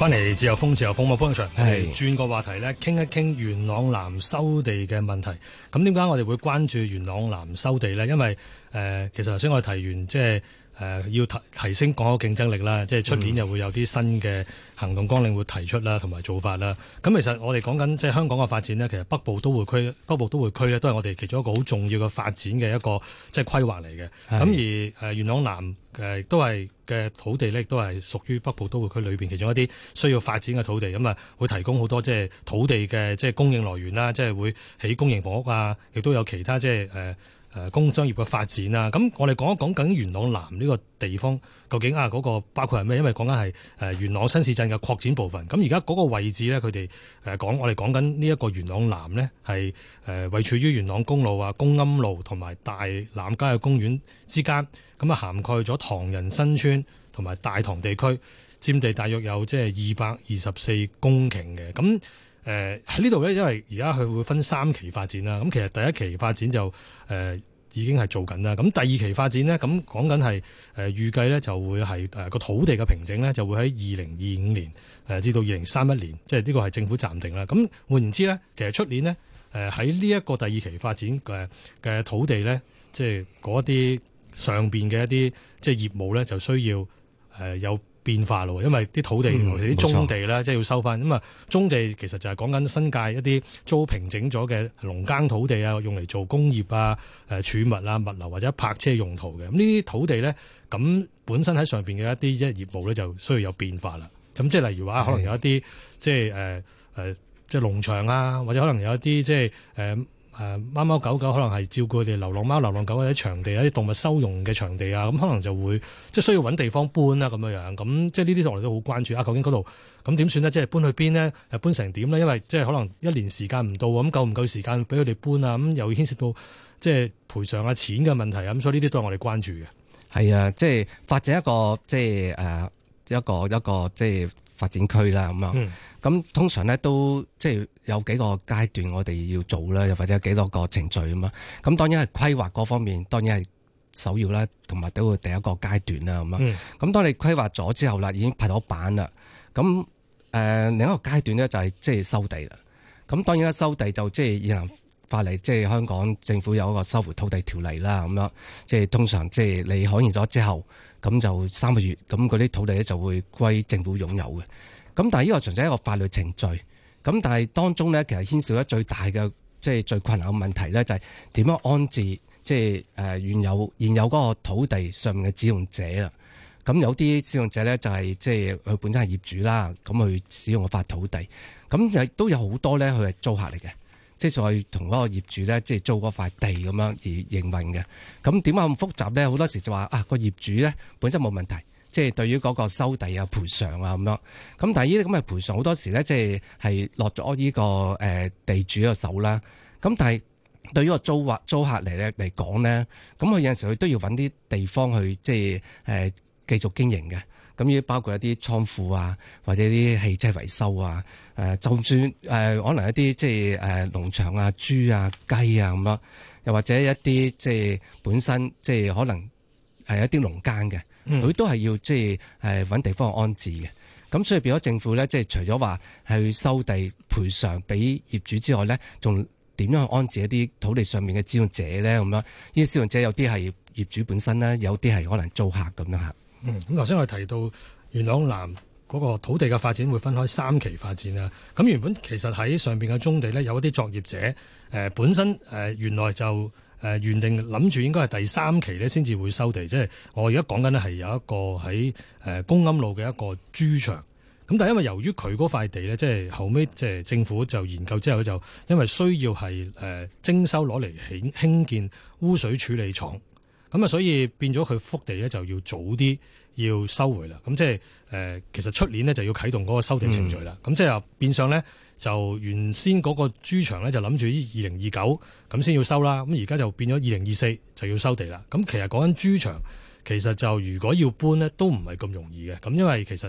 翻嚟自由風，自由風嘅風場，轉個話題咧，傾一傾元朗南收地嘅問題。咁點解我哋會關注元朗南收地呢？因為誒、呃，其實頭先我哋提完即係，就是誒、呃、要提提升港口競爭力啦，即係出年又會有啲新嘅行動綱領會提出啦，同埋做法啦。咁其實我哋講緊即係香港嘅發展呢，其實北部都會區、北部都會區呢，都係我哋其中一個好重要嘅發展嘅一個即係規劃嚟嘅。咁而誒元朗南都係嘅土地呢都係屬於北部都會區裏面其中一啲需要發展嘅土地。咁啊會提供好多即係土地嘅即係供應來源啦，即係會起公營房屋啊，亦都有其他即係誒。呃工商業嘅發展啊，咁我哋講一講緊元朗南呢個地方究竟啊嗰、那個包括係咩？因為講緊係元朗新市鎮嘅擴展部分。咁而家嗰個位置咧，佢哋誒講我哋講緊呢一個元朗南咧，係誒位處於元朗公路啊、公庵路同埋大欖郊野公園之間。咁啊涵蓋咗唐人新村同埋大棠地區，佔地大約有即係二百二十四公頃嘅咁。誒喺呢度咧，因為而家佢會分三期發展啦。咁其實第一期發展就誒已經係做緊啦。咁第二期發展呢，咁講緊係誒預計呢，就會係誒個土地嘅平整呢，就會喺二零二五年誒至到二零三一年，即係呢個係政府暫定啦。咁換言之呢，其實出年呢，誒喺呢一個第二期發展嘅嘅土地呢，即係嗰啲上邊嘅一啲即係業務呢，就需要誒有。變化咯，因為啲土地，或者啲棕地啦，即係要收翻。咁啊，棕地其實就係講緊新界一啲租平整咗嘅農耕土地啊，用嚟做工業啊、誒、呃、儲物啊、物流或者泊車用途嘅。咁呢啲土地咧，咁本身喺上邊嘅一啲即係業務咧，就需要有變化啦。咁即係例如話，可能有一啲即係誒誒，即、呃、係、呃、農場啊，或者可能有一啲即係誒。呃誒貓貓狗狗可能係照顧佢哋流浪貓、流浪狗或者場地、一啲動物收容嘅場地啊，咁可能就會即係需要揾地方搬啦咁樣樣，咁即係呢啲我哋都好關注啊。究竟嗰度咁點算呢？即係搬去邊呢？誒搬成點呢？因為即係可能一年時間唔到咁夠唔夠時間俾佢哋搬啊？咁又牽涉到即係賠償啊，錢嘅問題啊，咁所以呢啲都係我哋關注嘅。係啊，即係發展一個即係誒一個一個即係。即係發展區啦，咁啊，咁通常咧都即係有幾個階段，我哋要做啦，又或者有幾多個程序咁啊。咁當然係規劃嗰方面，當然係首要啦，同埋都會第一個階段啦，咁啊。咁當你規劃咗之後啦，已經拍咗板啦。咁誒另一個階段咧就係即係收地啦。咁當然啦，收地就即係現行法例，即係香港政府有一個收回土地條例啦，咁樣即係通常即係你可完咗之後。咁就三個月，咁嗰啲土地咧就會歸政府擁有嘅。咁但係呢個純粹係一個法律程序，咁但係當中咧其實牽涉咗最大嘅即係最困難嘅問題咧，就係點樣安置即係原、呃、有原有嗰個土地上面嘅、就是、使用者啦。咁有啲使用者咧就係即係佢本身係業主啦，咁去使用個塊土地，咁亦都有好多咧佢係租客嚟嘅。即係去同嗰個業主咧，即係租嗰塊地咁樣而營運嘅。咁點解咁複雜咧？好多時就話啊，個業主咧本身冇問題，即係對於嗰個收地啊、賠償啊咁樣。咁但係呢啲咁嘅賠償，好多時咧即係係落咗呢個誒地主個手啦。咁但係對於個租或租客嚟咧嚟講咧，咁佢有陣時佢都要揾啲地方去即係誒繼續經營嘅。咁要包括一啲倉庫啊，或者啲汽車維修啊，誒，就算誒、呃、可能一啲即係誒農場啊、豬啊、雞啊咁樣，又或者一啲即係本身即係可能係一啲農間嘅，佢都係要即係誒揾地方安置嘅。咁、嗯、所以變咗政府咧，即係除咗話係收地賠償俾業主之外咧，仲點樣去安置一啲土地上面嘅使用者咧？咁樣呢啲使用者有啲係業主本身啦，有啲係可能租客咁樣嚇。嗯，咁頭先我提到元朗南嗰個土地嘅發展會分開三期發展啊。咁原本其實喺上面嘅棕地咧，有一啲作業者，呃、本身、呃、原來就、呃、原定諗住應該係第三期咧先至會收地，即、就、係、是、我而家講緊呢係有一個喺公庵路嘅一個豬場。咁但係因為由於佢嗰塊地咧，即、就、係、是、後尾即係政府就研究之後，就因為需要係誒、呃、徵收攞嚟興興建污水處理廠。咁啊，所以變咗佢幅地咧就要早啲要收回啦。咁即係、呃、其實出年呢，就要啟動嗰個收地程序啦。咁、嗯、即係變相呢，就原先嗰個豬場呢，就諗住二零二九咁先要收啦。咁而家就變咗二零二四就要收地啦。咁其實講緊豬場，其實就如果要搬呢，都唔係咁容易嘅。咁因為其實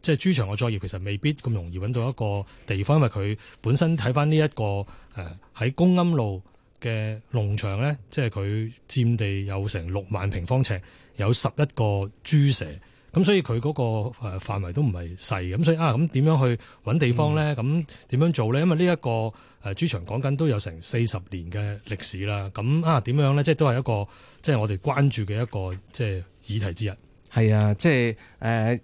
即係、呃、豬場嘅作業其實未必咁容易揾到一個地方，因為佢本身睇返呢一個喺、呃、公庵路嘅農場咧，即係佢佔地有成六萬平方尺，有十一個豬舍，咁所以佢嗰個誒範圍都唔係細，咁所以啊，咁點樣去搵地方咧？咁點樣做咧？因為呢、這、一個誒、啊、豬場講緊都有成四十年嘅歷史啦，咁啊點樣咧？即係都係一個即係我哋關注嘅一個即係議題之一。係啊，即係誒。呃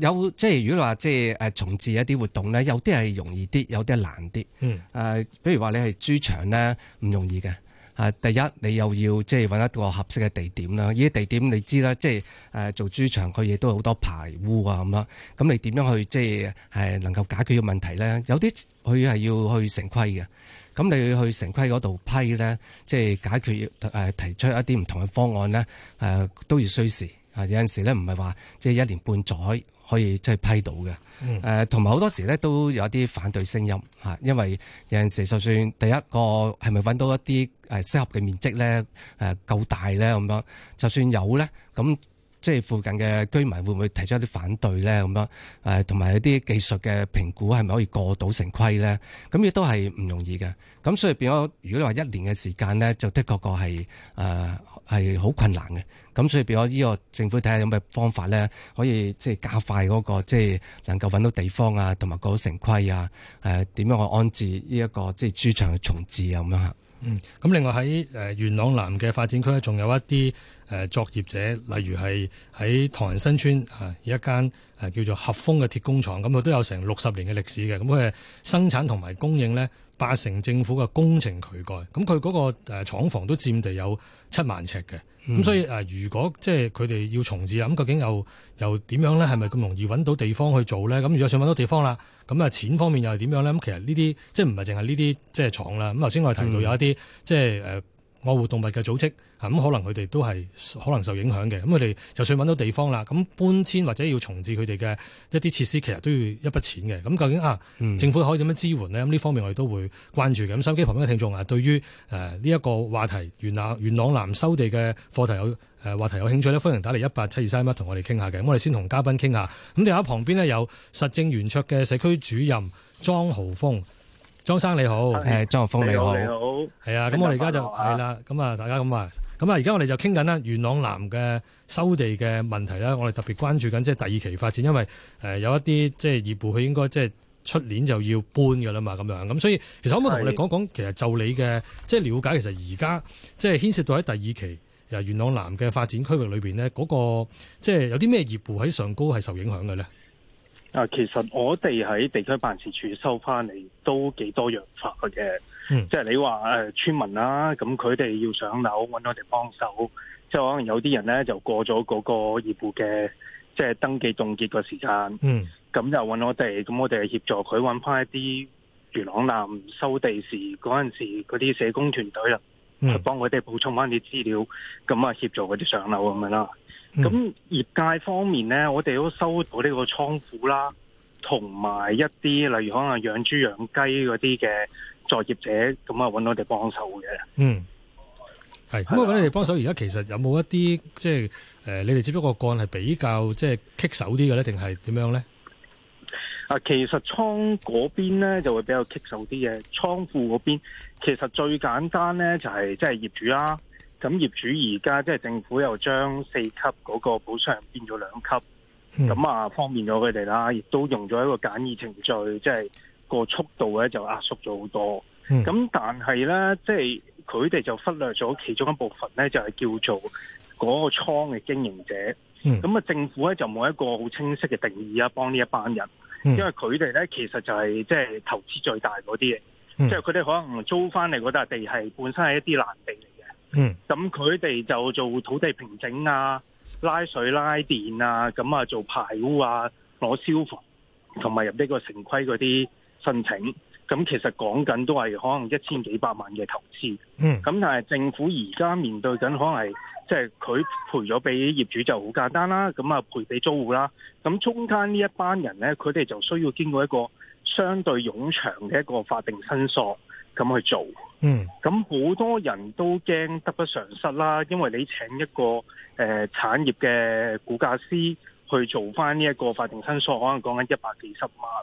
有，即係如果話即係誒重置一啲活動咧，有啲係容易啲，有啲係難啲。嗯，誒、呃，譬如話你係豬場咧，唔容易嘅。啊、呃，第一你又要即係搵一個合適嘅地點啦，呢啲地點你知啦，即係誒做豬場佢亦都好多排污啊咁啦。咁你點樣去即係係能夠解決個問題咧？有啲佢係要去城規嘅，咁你要去城規嗰度批咧，即、呃、係解決誒、呃、提出一啲唔同嘅方案咧，誒、呃、都要需時。啊，有陣時咧唔係話即係一年半載可以即係批到嘅，誒同埋好多時咧都有一啲反對聲音嚇，因為有陣時就算第一個係咪揾到一啲誒適合嘅面積咧誒夠大咧咁樣，就算有咧咁。即係附近嘅居民會唔會提出一啲反對咧？咁樣誒，同埋一啲技術嘅評估係咪可以過到城規咧？咁亦都係唔容易嘅。咁所以變咗，如果你話一年嘅時間咧，就的確個係誒係好困難嘅。咁所以變咗呢個政府睇下有咩方法咧，可以即係加快嗰個即係能夠揾到地方啊，同埋過到城規啊，誒點樣個安置呢一個即係豬場嘅重置啊咁樣嚇。嗯，咁另外喺誒元朗南嘅發展區呢仲有一啲誒作業者，例如係喺唐人新村啊一間誒叫做合豐嘅鐵工廠，咁佢都有成六十年嘅歷史嘅，咁佢係生產同埋供應呢八成政府嘅工程渠蓋，咁佢嗰個誒廠房都佔地有七萬尺嘅，咁、嗯、所以誒如果即係佢哋要重置，咁究竟又又點樣呢？係咪咁容易揾到地方去做呢？咁如果想揾到地方啦？咁啊，錢方面又係點樣咧？咁其實呢啲即係唔係淨係呢啲即係廠啦。咁頭先我哋提到有一啲、嗯、即係誒愛護動物嘅組織咁可能佢哋都係可能受影響嘅。咁佢哋就算搵到地方啦，咁搬遷或者要重置佢哋嘅一啲設施，其實都要一筆錢嘅。咁究竟啊，政府可以點樣支援呢？咁、嗯、呢方面我哋都會關注嘅。咁收機旁邊嘅聽眾啊，對於誒呢一個話題元朗元朗南收地嘅課題有。誒話題有興趣咧，歡迎打嚟一八七二三一,一，同我哋傾下嘅。咁我哋先同嘉賓傾下。咁電話旁邊呢，有實政圓桌嘅社區主任莊豪鋒。莊生你好。誒，莊豪鋒你好。你好。係啊，咁我哋而家就係啦。咁啊，大家咁話。咁啊，而家我哋就傾緊啦，元朗南嘅收地嘅問題啦。我哋特別關注緊即係第二期發展，因為誒有一啲即係業戶佢應該即係出年就要搬㗎啦嘛，咁樣。咁所以其實可唔可以同我哋講講，其實就你嘅即係了解，其實而家即係牽涉到喺第二期。啊！元朗南嘅發展區域裏邊咧，嗰、那個即係、就是、有啲咩業戶喺上高係受影響嘅咧？啊，其實我哋喺地區辦事處收翻嚟都幾多樣化嘅，即係你話誒村民啦、啊，咁佢哋要上樓揾我哋幫手，即係可能有啲人咧就過咗嗰個業戶嘅即係登記凍結個時間，嗯，咁就揾我哋，咁我哋協助佢揾翻一啲元朗南收地時嗰陣時嗰啲社工團隊啦。去、嗯、幫我哋補充翻啲資料，咁啊協助嗰啲上樓咁樣啦。咁、嗯、業界方面咧，我哋都收到呢個倉庫啦，同埋一啲例如可能養豬養雞嗰啲嘅作業者，咁啊揾我哋幫手嘅。嗯，係。咁啊揾你哋幫手，而家其實有冇一啲即係誒、呃？你哋只不過個案係比較即係棘手啲嘅咧，定係點樣咧？啊，其實倉嗰邊咧就會比較棘手啲嘅，倉庫嗰邊其實最簡單咧就係即係業主啦、啊。咁業主而家即係政府又將四級嗰個補償人變咗兩級，咁、嗯、啊方便咗佢哋啦，亦都用咗一個簡易程序，即、就、係、是、個速度咧就壓縮咗好多。咁、嗯、但係咧，即係佢哋就忽略咗其中一部分咧，就係、是、叫做嗰個倉嘅經營者。咁、嗯、啊，政府咧就冇一個好清晰嘅定義啊，幫呢一班人。因為佢哋咧，其實就係即係投資最大嗰啲嘢。即係佢哋可能租翻嚟嗰笪地係本身係一啲爛地嚟嘅，嗯，咁佢哋就做土地平整啊、拉水拉電啊，咁啊做排污啊、攞消防同埋入呢個城規嗰啲申請。咁其實講緊都係可能一千幾百萬嘅投資，咁、嗯、但係政府而家面對緊可能係即係佢賠咗俾業主就好簡單啦，咁啊賠俾租戶啦，咁中間呢一班人呢，佢哋就需要經過一個相對冗長嘅一個法定申索咁去做，咁、嗯、好多人都驚得不償失啦，因為你請一個誒、呃、產業嘅估價師去做翻呢一個法定申索，可能講緊一百幾十萬。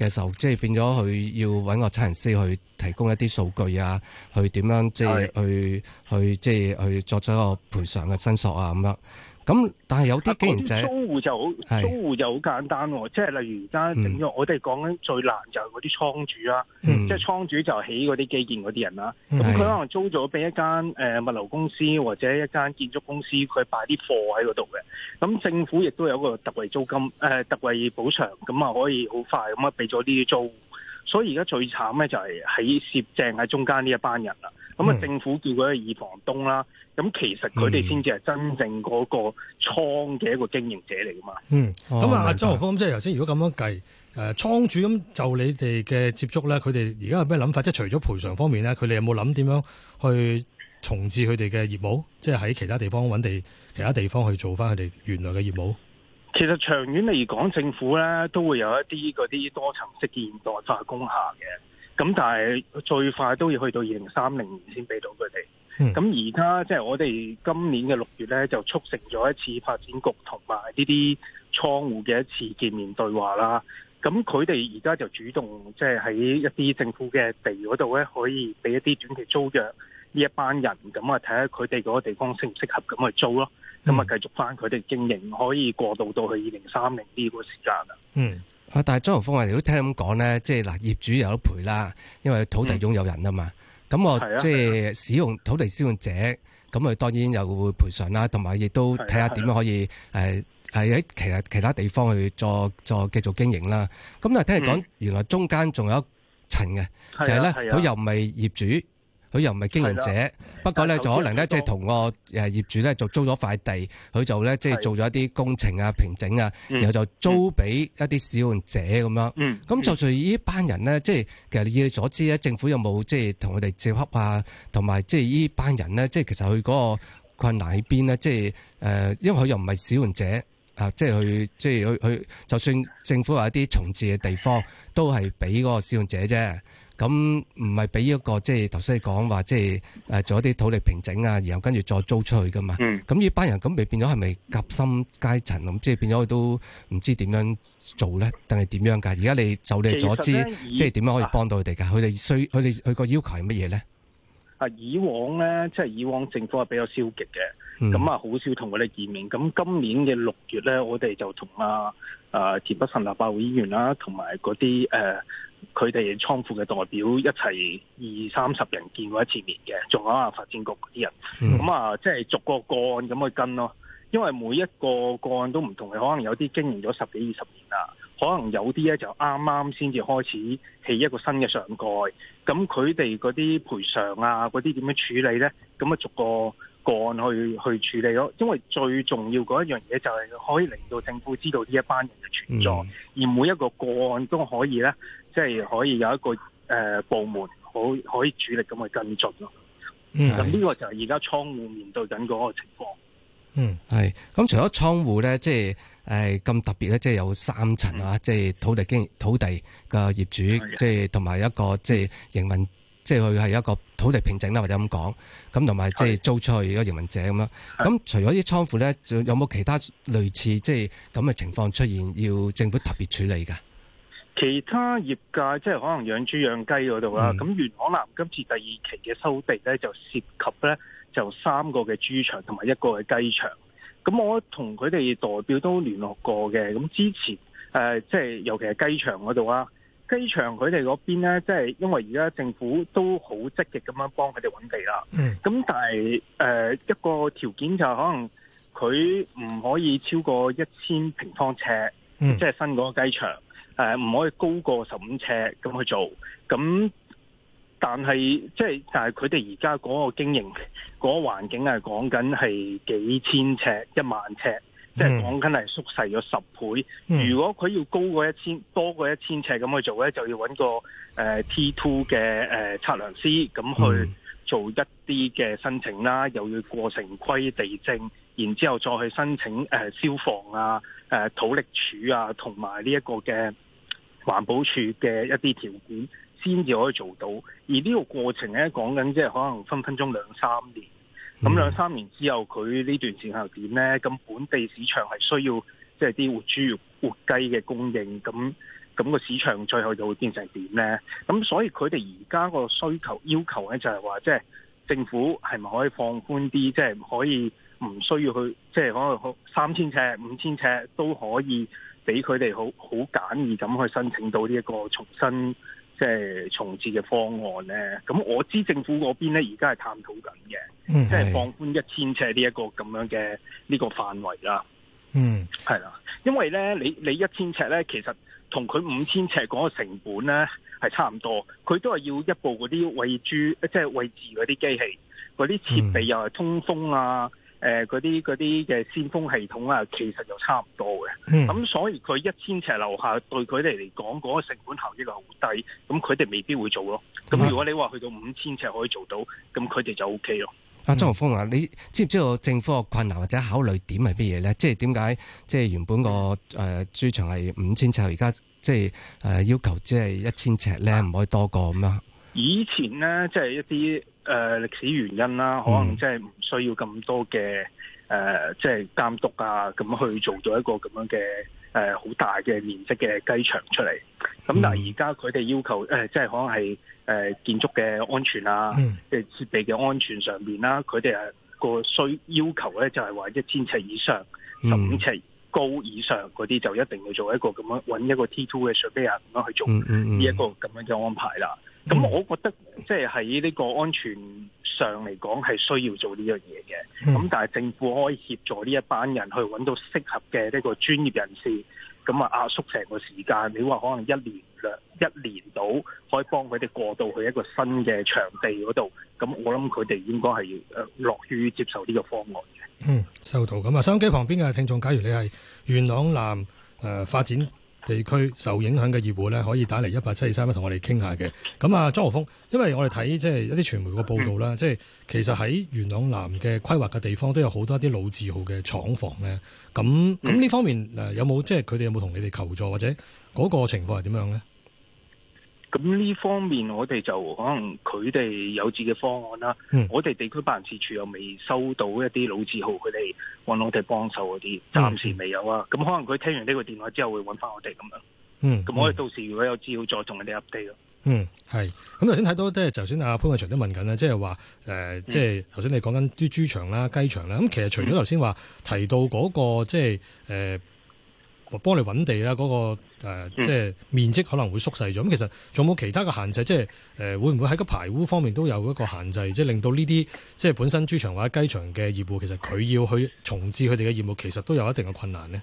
嘅時候，即係變咗佢要揾個測人師去提供一啲數據啊，去點樣即係去去即係去作出一個賠償嘅申索啊咁樣。咁，但係有啲租戶就好，租戶就好簡單喎。即係例如而家，我哋講緊最難就係嗰啲倉主啦、嗯。即係倉主就起嗰啲基建嗰啲人啦。咁佢可能租咗俾一間物流公司或者一間建築公司，佢擺啲貨喺嗰度嘅。咁政府亦都有個特惠租金誒特惠補償，咁啊可以好快咁啊俾咗啲租戶。所以而家最慘咧就係喺攝正喺中間呢一班人啦。咁啊，政府叫佢二房東啦。嗯。咁其實佢哋先至係真正嗰個倉嘅一個經營者嚟噶嘛？嗯，咁、嗯、啊，阿莊豪鋒，即係頭先，如果咁樣計，誒倉主咁就你哋嘅接觸咧，佢哋而家有咩諗法？即係除咗賠償方面咧，佢哋有冇諗點樣去重置佢哋嘅業務？即係喺其他地方揾地，其他地方去做翻佢哋原來嘅業務？其實長遠嚟講，政府咧都會有一啲嗰啲多層式嘅現代化工廈嘅，咁但係最快都要去到二零三零年先俾到佢哋。咁而家即係我哋今年嘅六月咧，就促成咗一次發展局同埋呢啲倉戶嘅一次見面對話啦。咁佢哋而家就主動即係喺一啲政府嘅地嗰度咧，可以俾一啲短期租約呢一班人，咁啊睇下佢哋嗰個地方適唔適合咁去租咯。咁啊繼續翻佢哋經營，可以過渡到去二零三零呢個時間啦，嗯。啊但係莊豪鋒話，如果聽咁講咧，即係嗱業主有得賠啦，因為土地擁有人啊嘛。嗯咁我、啊、即係使用土地使用者，咁佢當然又會賠償啦，同埋亦都睇下點樣可以誒，係喺其實其他地方去做做繼續經營啦。咁啊，聽人講原來中間仲有一層嘅、啊啊，就係咧佢又唔係業主。佢又唔係經營者，不過咧就可能咧即係同個誒業主咧就租咗塊地，佢就咧即係做咗一啲工程啊、平整啊，然後就租俾一啲使用者咁樣。咁、嗯嗯、就算依班人咧，即、就、係、是、其實以你要所知咧，政府有冇即係同佢哋接洽啊？同埋即係依班人咧，即、就、係、是、其實佢嗰個困難喺邊呢？即係誒，因為佢又唔係使用者啊，即係去即係去去，就算政府有啲重置嘅地方，都係俾嗰個使用者啫。咁唔係俾一個即係頭先你講話，即係誒做一啲土地平整啊，然後跟住再租出去噶嘛。咁、嗯、呢班人咁未變咗係咪夾心階層咁？即係變咗佢都唔知點樣做咧，定係點樣噶？而家你就你所知，即係點樣可以幫到佢哋噶？佢哋需佢哋佢個要求係乜嘢咧？啊，以往咧，即係以往政府係比較消極嘅。咁、嗯、啊，好少同佢哋見面。咁今年嘅六月咧，我哋就同啊啊田北辰立法會議員啦，同埋嗰啲誒佢哋倉庫嘅代表一齊二三十人見過一次面嘅，仲有啊發展局啲人。咁、嗯、啊，即係逐個個案咁去跟咯，因為每一個個案都唔同嘅，可能有啲經營咗十幾二十年啦，可能有啲咧就啱啱先至開始起一個新嘅上蓋，咁佢哋啲賠償啊，嗰啲點樣處理咧？咁啊，逐個。個案去去處理咯，因為最重要嗰一樣嘢就係可以令到政府知道呢一班人嘅存在，嗯，而每一個個案都可以咧，即係可以有一個誒部門可可以主力咁去跟進咯。咁呢個就係而家倉戶面對緊嗰個情況。嗯，係。咁，嗯，除咗倉戶咧，即係誒咁特別咧，即係有三層啊，即係，嗯，土地經土地嘅業主，即係同埋一個即係營運。就是即係佢係一個土地平整啦，或者咁講，咁同埋即係租出去一個營運者咁樣。咁除咗啲倉庫咧，有冇其他類似即係咁嘅情況出現，要政府特別處理嘅？其他業界即係可能養豬養雞嗰度啦。咁、嗯、元朗南今次第二期嘅收地咧，就涉及咧就三個嘅豬場同埋一個嘅雞場。咁我同佢哋代表都聯絡過嘅。咁之前誒、呃、即係尤其係雞場嗰度啊。雞場佢哋嗰邊呢，即係因為而家政府都好積極咁樣幫佢哋揾地啦。咁、mm. 但係誒、呃、一個條件就係可能佢唔可以超過一千平方尺，即、就、係、是、新嗰個雞場誒唔、呃、可以高過十五尺咁去做。咁但係即係但係佢哋而家嗰個經營嗰、那個環境係講緊係幾千尺、一萬尺。即係講緊係縮細咗十倍，嗯、如果佢要高過一千多過一千尺咁去做咧，就要搵個誒 T two 嘅誒測量師咁去做一啲嘅申請啦，又要過城規地政然後之後再去申請誒、呃、消防啊、誒、呃、土力處啊，同埋呢一個嘅環保署嘅一啲條件，先至可以做到。而呢個過程咧，講緊即係可能分分鐘兩三年。咁兩三年之後，佢呢段時間又點呢？咁本地市場係需要即係啲活豬、活雞嘅供應，咁咁個市場最後就會變成點呢？咁所以佢哋而家個需求要求呢，就係話即係政府係咪可以放寬啲，即係可以唔需要去即係可能三千尺、五千尺都可以俾佢哋好好簡易咁去申請到呢一個重新。即係重置嘅方案咧，咁我知政府嗰邊咧而家係探討緊嘅。嗯，即係放寬一千尺呢一個咁樣嘅呢個範圍啦。嗯，係啦，因為咧，你你一千尺咧，其實同佢五千尺嗰個成本咧係差唔多，佢都係要一部嗰啲餵豬，即係餵豬嗰啲機器，嗰啲設備又係通風啊。嗯誒、呃，嗰啲啲嘅先鋒系統啊，其實又差唔多嘅。咁、嗯嗯、所以佢一千尺樓下對佢哋嚟講，嗰、那個成本效益係好低。咁佢哋未必會做咯。咁、嗯、如果你話去到五千尺可以做到，咁佢哋就 O、OK、K 咯。阿莊豪鋒啊，你知唔知道政府嘅困難或者考慮點係乜嘢咧？即係點解即係原本個誒豬場係五千尺，而家即係誒、呃、要求即係一千尺咧，唔可以多過咁樣？以前咧，即係一啲。誒、呃、歷史原因啦，可能即係唔需要咁多嘅誒、呃，即係監督啊，咁去做咗一個咁樣嘅誒好大嘅面積嘅雞場出嚟。咁、嗯、但係而家佢哋要求誒、呃，即係可能係誒、呃、建築嘅安全啊，嘅、嗯、設備嘅安全上面啦，佢哋個需要求咧就係話一千尺以上，十五尺高以上嗰啲就一定要做一個咁樣搵一個 T two 嘅上邊啊，咁樣去做呢一個咁樣嘅安排啦。咁、嗯、我覺得即係喺呢個安全上嚟講，係需要做呢樣嘢嘅。咁、嗯、但係政府可以協助呢一班人去揾到適合嘅呢個專業人士，咁啊壓縮成個時間，你話可能一年兩一年到，可以幫佢哋過到去一個新嘅場地嗰度。咁我諗佢哋應該係誒樂於接受呢個方案嘅。嗯，收到。咁啊，收音機旁邊嘅聽眾，假如你係元朗南誒、呃、發展。地區受影響嘅業戶咧，可以打嚟一八七二三同我哋傾下嘅。咁啊，莊豪鋒，因為我哋睇即係一啲傳媒個報道啦，即、嗯、係、就是、其實喺元朗南嘅規劃嘅地方，都有好多啲老字號嘅廠房咧。咁咁呢方面、嗯、有冇即係佢哋有冇同、就是、你哋求助，或者嗰個情況係點樣咧？咁呢方面我，我哋就可能佢哋有自己方案啦、嗯。我哋地區辦事處又未收到一啲老字號佢哋揾我哋幫手嗰啲，暫時未有啊。咁、嗯、可能佢聽完呢個電話之後會，會揾翻我哋咁樣。嗯。咁我哋到時如果有資料再同佢哋 update 咯。嗯，係。咁頭先睇到即係，頭先阿潘偉祥都問緊咧，即係話誒，即係頭先你講緊啲豬場啦、雞場啦。咁其實除咗頭先話提到嗰、那個，即係誒。呃幫你揾地啦，嗰個，誒，即係面積可能會縮細咗。咁其實仲有冇其他嘅限制，即係誒會唔會喺個排污方面都有一個限制，即係令到呢啲即係本身豬場或者雞場嘅業戶，其實佢要去重置佢哋嘅業務，其實都有一定嘅困難呢？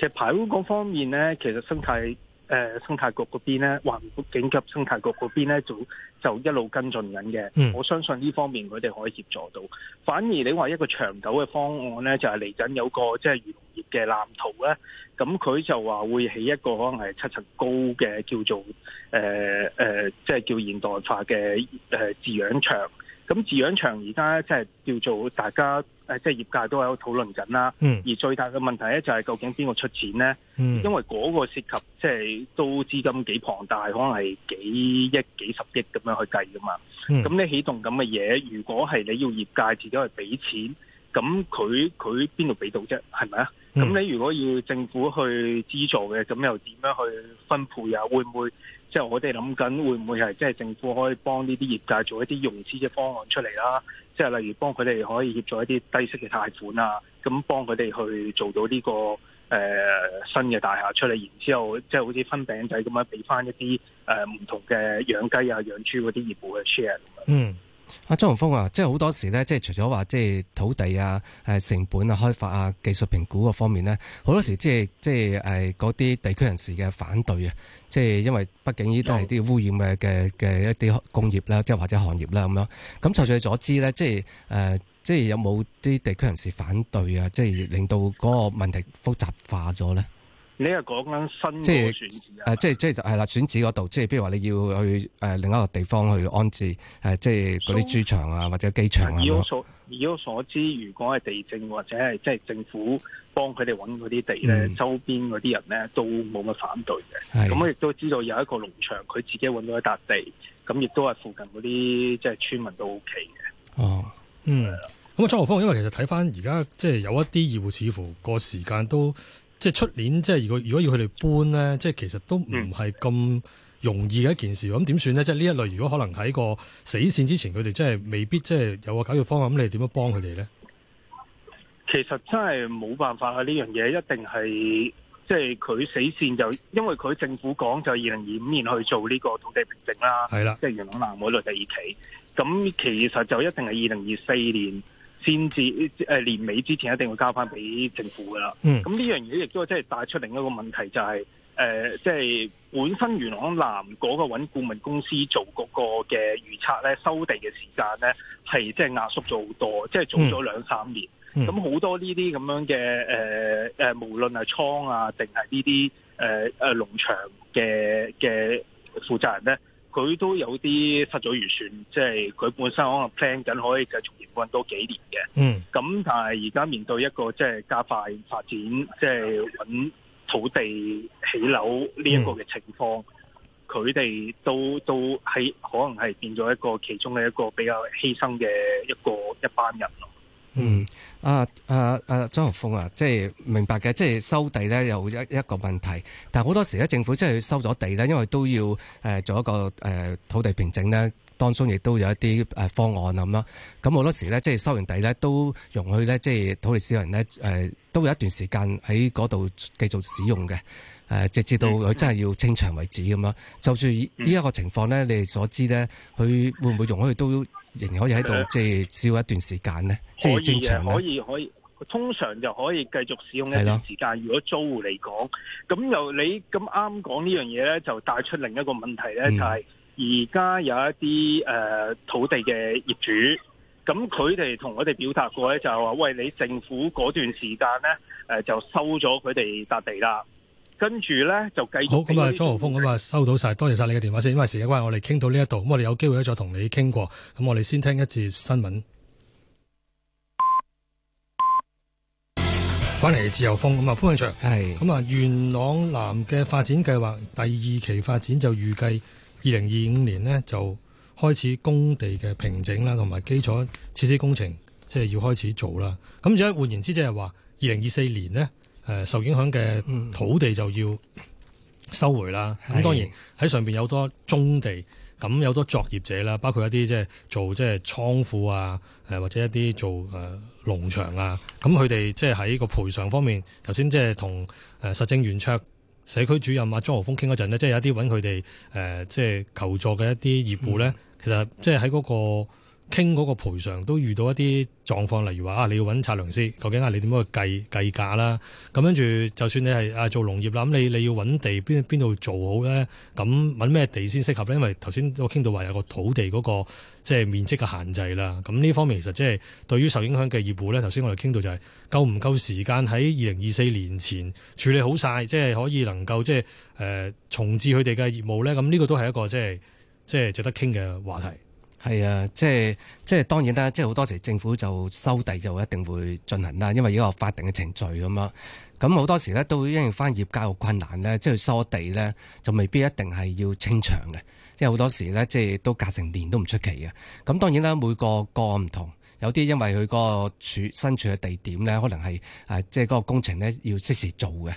其實排污嗰方面呢，其實生態。誒生態局嗰邊咧，環境及生態局嗰邊咧，就就一路跟進緊嘅、嗯。我相信呢方面佢哋可以協助到。反而你話一個長久嘅方案咧，就係嚟緊有個即係漁農業嘅藍圖咧。咁佢就話會起一個可能係七層高嘅叫做誒誒即係叫現代化嘅誒飼養場。咁飼養場而家即係叫做大家。誒，即係業界都喺度討論緊啦、啊。而最大嘅問題咧，就係究竟邊個出錢咧？因為嗰個涉及即係都資金幾龐大，可能係幾億、幾十億咁樣去計㗎嘛。咁、嗯、你起動咁嘅嘢，如果係你要業界自己去俾錢，咁佢佢邊度俾到啫？係咪啊？咁、嗯、你如果要政府去資助嘅，咁又點樣去分配啊？會唔會即係我哋諗緊會唔會係即係政府可以幫呢啲業界做一啲融資嘅方案出嚟啦、啊？即係例如幫佢哋可以協助一啲低息嘅貸款啊，咁幫佢哋去做到呢、這個誒、呃、新嘅大廈出嚟，然之後即係好似分餅仔咁樣俾翻一啲誒唔同嘅養雞啊、養豬嗰啲業務嘅 share。嗯。阿莊豪鋒啊，即係好多時咧，即係除咗話即係土地啊、誒成本啊、開發啊、技術評估嗰方面咧，好多時即係即係誒嗰啲地區人士嘅反對啊，即係因為畢竟呢，都係啲污染嘅嘅嘅一啲工業啦，即係或者行業啦咁樣。咁就據所知咧，即係誒，即係有冇啲地區人士反對啊？即係、no. 令到嗰個問題複雜化咗咧？你係講緊新即係選址，即係即係就係啦，選址嗰度，即係譬如話你要去誒、呃、另一個地方去安置誒、呃，即係嗰啲豬場啊或者雞場啊。如果所，以，以，我所以我所知，如果係地震或者係即係政府幫佢哋揾嗰啲地咧、嗯，周邊嗰啲人咧都冇乜反對嘅。咁亦都知道有一個農場，佢自己揾到一笪地，咁亦都係附近嗰啲即係村民都 O K 嘅。哦，嗯，咁啊，莊豪鋒，因為其實睇翻而家即係有一啲業戶，似乎個時間都。即係出年，即係如果如果要佢哋搬咧，即係其實都唔係咁容易嘅一件事。咁點算咧？即係呢一類，如果可能喺個死線之前，佢哋真係未必即係有個解決方案。咁你哋點樣幫佢哋咧？其實真係冇辦法啊！呢樣嘢一定係，即係佢死線就，因為佢政府講就係二零二五年去做呢個土地平整啦。係啦，即係元朗南每類第二期。咁其實就一定係二零二四年。先至誒年尾之前一定要交翻俾政府噶啦，咁呢樣嘢亦都即係帶出另一個問題，就係呃，就係誒即係本身元朗南嗰個揾顧問公司做嗰個嘅預測咧，收地嘅時間咧係即係壓縮咗好多，即係早咗兩三年。咁好多呢啲咁樣嘅誒誒，無論係倉啊定係呢啲誒誒農場嘅嘅負責人咧。佢都有啲失咗預算，即係佢本身可能 plan 緊可以繼續營運多幾年嘅。嗯，咁但係而家面對一個即係加快發展，即係揾土地起樓呢一個嘅情況，佢、mm. 哋都都係可能係變咗一個其中嘅一個比較犧牲嘅一個一班人咯。嗯，啊啊啊，莊豪鋒啊，即係明白嘅，即係收地咧有一一個問題，但係好多時咧政府即係收咗地咧，因為都要誒做一個誒、呃、土地平整咧，當中亦都有一啲、啊、方案咁咁，好多時咧，即係收完地咧，都容許咧，即係土地所有人咧、呃、都有一段時間喺嗰度繼續使用嘅、呃。直至到佢真係要清場為止咁咯、嗯。就住呢一個情況咧、嗯，你哋所知咧，佢會唔會容許都？仍然可以喺度即係試一段時間咧，即係正常可。可以，可以，通常就可以繼續使用一段時間。如果租戶嚟講，咁由你咁啱講呢樣嘢咧，就帶出另一個問題咧、嗯，就係而家有一啲誒、呃、土地嘅業主，咁佢哋同我哋表達過咧，就係話喂，你政府嗰段時間咧，誒、呃、就收咗佢哋笪地啦。跟住咧就繼續。好，咁啊，莊豪鋒，咁啊，收到晒，多謝晒你嘅電話先。因為時間關係我哋傾到呢一度，咁我哋有機會咧再同你傾過。咁我哋先聽一節新聞。翻嚟自由風，咁啊，潘慶祥，咁啊，元朗南嘅發展計劃第二期發展就預計二零二五年呢，就開始工地嘅平整啦，同埋基礎設施工程即係、就是、要開始做啦。咁而家換言之就，就係話二零二四年呢。誒受影響嘅土地就要收回啦。咁、嗯、當然喺上面有多宗地，咁有多作業者啦，包括一啲即係做即係倉庫啊，或者一啲做誒農場啊。咁佢哋即係喺個賠償方面，頭先即係同誒實政圓桌社區主任啊莊豪鋒傾嗰陣呢，即係有一啲揾佢哋即係求助嘅一啲業戶咧、嗯，其實即係喺嗰個。傾嗰個賠償都遇到一啲狀況，例如話啊，你要揾測量師，究竟係啊，你點樣去計計價啦？咁跟住，就算你係啊做農業啦，咁你你要揾地邊邊度做好呢？咁揾咩地先適合呢？因為頭先我傾到話有個土地嗰個即係面積嘅限制啦。咁呢方面其實即係對於受影響嘅業戶呢，頭先我哋傾到就係夠唔夠時間喺二零二四年前處理好晒，即係可以能夠即係誒重置佢哋嘅業務呢？咁呢個都係一個即係即係值得傾嘅話題。係啊，即係即係當然啦，即係好多時政府就收地就一定會進行啦，因為呢個法定嘅程序咁啊。咁好多時呢，都因應翻業界嘅困難呢，即係收地呢，就未必一定係要清場嘅，即係好多時呢，即係都隔成年都唔出奇嘅。咁當然啦，每個個唔同，有啲因為佢個處身處嘅地點呢，可能係即係嗰個工程呢，要即時做嘅。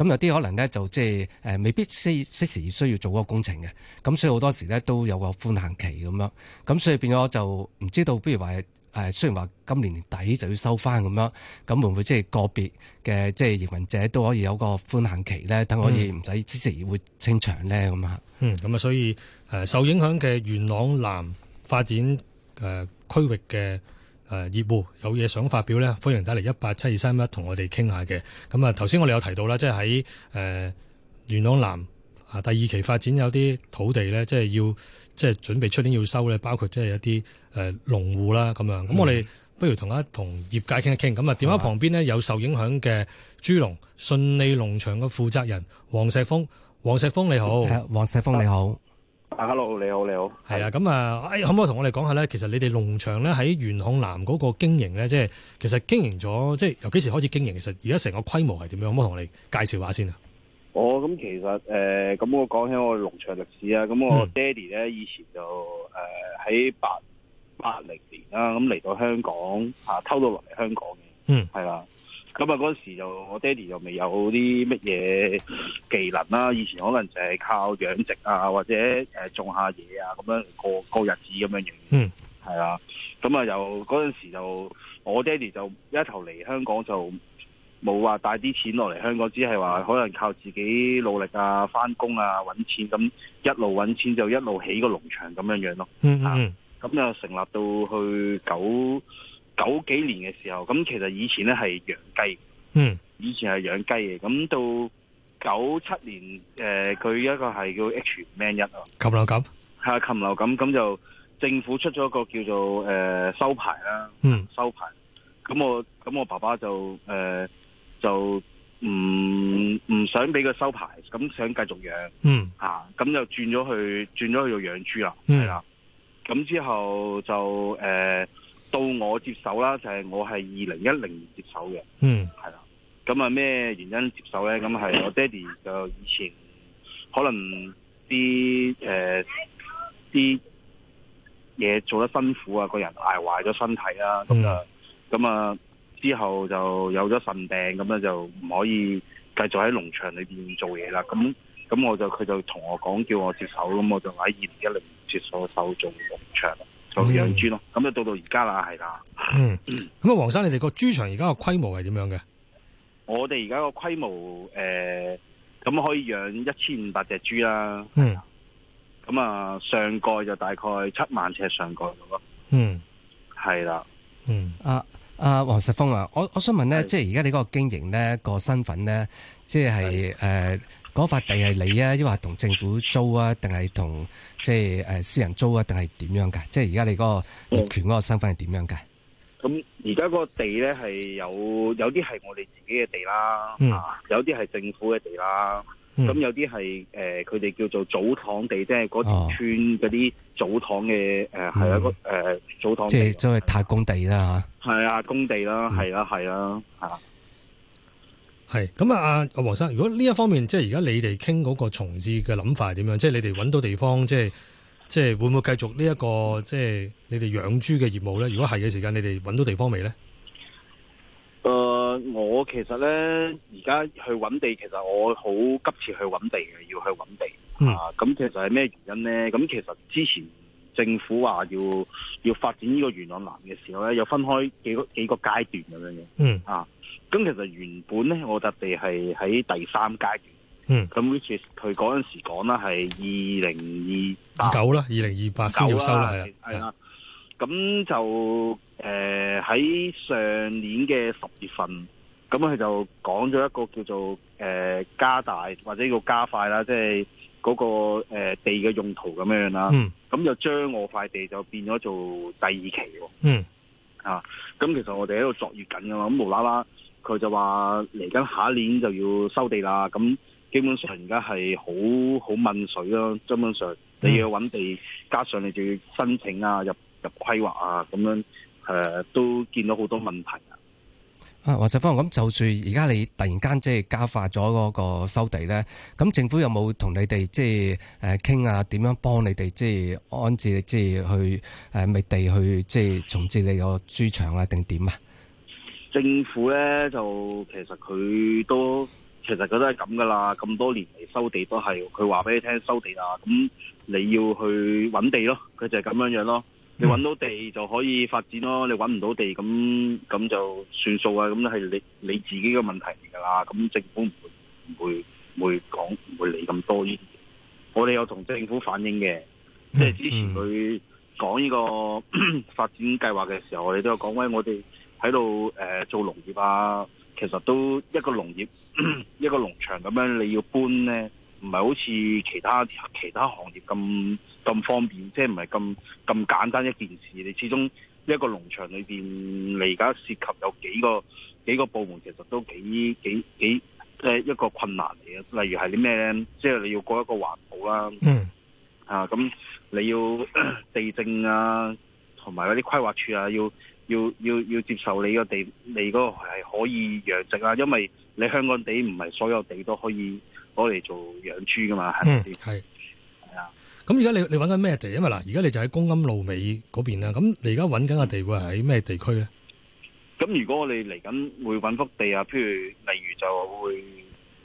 咁有啲可能咧，就即係誒，未必適適時需要做嗰個工程嘅，咁所以好多時咧都有個寬限期咁樣，咁所以變咗就唔知道，譬如話誒，雖然話今年年底就要收翻咁樣，咁會唔會即係個別嘅即係營運者都可以有個寬限期咧，等可以唔使即時會清場咧咁啊？嗯，咁啊，所以誒，受影響嘅元朗南發展誒區域嘅。誒業戶有嘢想發表呢，歡迎打嚟一八七二三一同我哋傾下嘅。咁啊，頭先我哋有提到啦，即係喺誒元朗南啊第二期發展有啲土地呢，即係要即係準備出年要收呢，包括即係一啲誒農戶啦咁樣。咁、嗯、我哋不如同一同業界傾一傾。咁啊，電話旁邊呢，有受影響嘅豬農順利農場嘅負責人黃碩鋒。黃碩鋒你好，黃碩鋒你好。嗯 hello 你好，你好。係啊，咁啊，可唔可以同我哋講下咧？其實你哋農場咧喺元朗南嗰個經營咧，即係其實經營咗，即係由幾時開始經營？其實而家成個規模係點樣？可唔可以同我哋介紹下先啊？哦，咁其實誒，咁我講起我農場歷史啊，咁我爹哋咧以前就誒喺八八零年啦，咁嚟到香港，啊，偷到落嚟香港嘅，嗯，係啦。咁啊！嗰時就我爹哋就未有啲乜嘢技能啦。以前可能就係靠養殖啊，或者誒種下嘢啊，咁樣過過日子咁樣樣。嗯，係啦。咁啊，又嗰陣時就我爹哋就一頭嚟香港就冇話帶啲錢落嚟香港，只係話可能靠自己努力啊，返工啊，搵錢咁一路搵錢就一路起個農場咁樣樣咯。嗯，咁啊，成立到去九。九幾年嘅時候，咁其實以前咧係養雞，嗯，以前係養雞嘅，咁到九七年，誒、呃，佢一個係叫 H5N1 啊，禽流感，係啊、禽流感，咁就政府出咗一個叫做誒、呃、收牌啦，嗯，收牌，咁我咁我爸爸就誒、呃、就唔唔想俾佢收牌，咁想繼續養，嗯，啊，咁就轉咗去轉咗去做養豬啦，係、嗯、啦，咁、啊、之後就誒。呃到我接手啦，就係、是、我係二零一零年接手嘅，嗯，係啦，咁啊咩原因接手咧？咁係我爹哋就以前可能啲誒啲嘢做得辛苦啊，個人挨壞咗身體啦，咁、嗯、啊，咁啊之後就有咗腎病，咁樣就唔可以繼續喺農場裏邊做嘢啦。咁咁我就佢就同我講，叫我接手，咁我就喺二零一零年接手手手做農場。就養豬咯，咁就到到而家啦，係啦。嗯，咁啊，黃、嗯、生，你哋個豬場而家個規模係點樣嘅？我哋而家個規模誒，咁、呃、可以養一千五百隻豬啦。嗯，咁啊，上蓋就大概七萬尺上蓋咗咯。嗯，係啦。嗯，啊啊，黃碩鋒啊，我我想問咧，即係而家你嗰個經營咧個身份咧，即係誒。嗰塊地係你啊，抑或同政府租啊，定係同即係誒、呃、私人租啊，定係點樣㗎？即係而家你嗰個業權嗰個身份係點樣㗎？咁而家嗰個地咧係有有啲係我哋自己嘅地啦、嗯，啊，有啲係政府嘅地啦，咁、嗯、有啲係誒佢哋叫做祖堂地，即係嗰條村嗰啲祖堂嘅誒，係、哦嗯、一個誒、呃、祖堂地。即係即係太公地啦嚇。係啊，工地啦，係、嗯、啦，係啦、啊，係咁啊，阿阿黃生，如果呢一方面即係而家你哋傾嗰個重置嘅諗法係點樣？即係你哋搵到地方，即係即係會唔會繼續呢、這、一個即係你哋養豬嘅業務咧？如果係嘅時間，你哋搵到地方未咧？誒、呃，我其實咧而家去搵地，其實我好急切去搵地嘅，要去搵地、嗯、啊。咁其實係咩原因咧？咁其實之前政府話要要發展呢個元朗南嘅時候咧，有分開幾個幾個階段咁樣嘅。嗯啊。咁其實原本咧，我特地係喺第三階段。嗯。咁 which 佢嗰陣時講啦，係二零二八九啦，二零二八先要收啦。係啊。咁就誒喺、呃、上年嘅十月份，咁佢就講咗一個叫做誒、呃、加大或者要加快啦，即係嗰個、呃、地嘅用途咁樣樣啦。嗯。咁就將我塊地就變咗做第二期喎。嗯。啊，咁其實我哋喺度作業緊㗎嘛，咁無啦啦。佢就話嚟緊下一年就要收地啦，咁基本上而家係好好問水咯。基本上你要搵地，加上你就要申請啊，入入規劃啊，咁樣誒、呃，都見到好多問題啊。黃碩鋒，咁就算而家你突然間即係加發咗嗰個收地咧，咁政府有冇同你哋即係誒傾啊？點樣幫你哋即係安置，即係去誒覓、啊、地去，即係重置你個豬場啊？定點啊？政府咧，就其實佢都其實佢都係咁噶啦，咁多年嚟，收地都係佢話俾你聽收地啦，咁你要去搵地咯，佢就係咁樣樣咯。你搵到地就可以發展咯，你搵唔到地，咁咁就算數啊，咁係你你自己嘅問題嚟噶啦。咁政府唔會唔會唔會講，唔會理咁多呢啲嘢。我哋有同政府反映嘅，即係之前佢講呢個發展計劃嘅時候，我哋都有講喂，我哋。喺度誒做農業啊，其實都一個農業一個農場咁樣，你要搬呢，唔係好似其他其他行業咁咁方便，即係唔係咁咁簡單一件事。你始終一個農場裏邊，你而家涉及有幾個幾個部門，其實都幾幾幾誒、呃、一個困難嚟嘅。例如係啲咩呢？即、就、係、是、你要過一個環保啦，嗯、啊，咁你要地政啊，同埋嗰啲規劃處啊，要。要要要接受你個地，你嗰個係可以養殖啦，因為你香港地唔係所有地都可以攞嚟做養豬噶嘛，係咪係係啊，咁而家你你搵緊咩地，因為嘛嗱，而家你就喺公庵路尾嗰邊啦。咁你而家搵緊嘅地會喺咩地區咧？咁如果我哋嚟緊會搵幅地啊，譬如例如就會誒、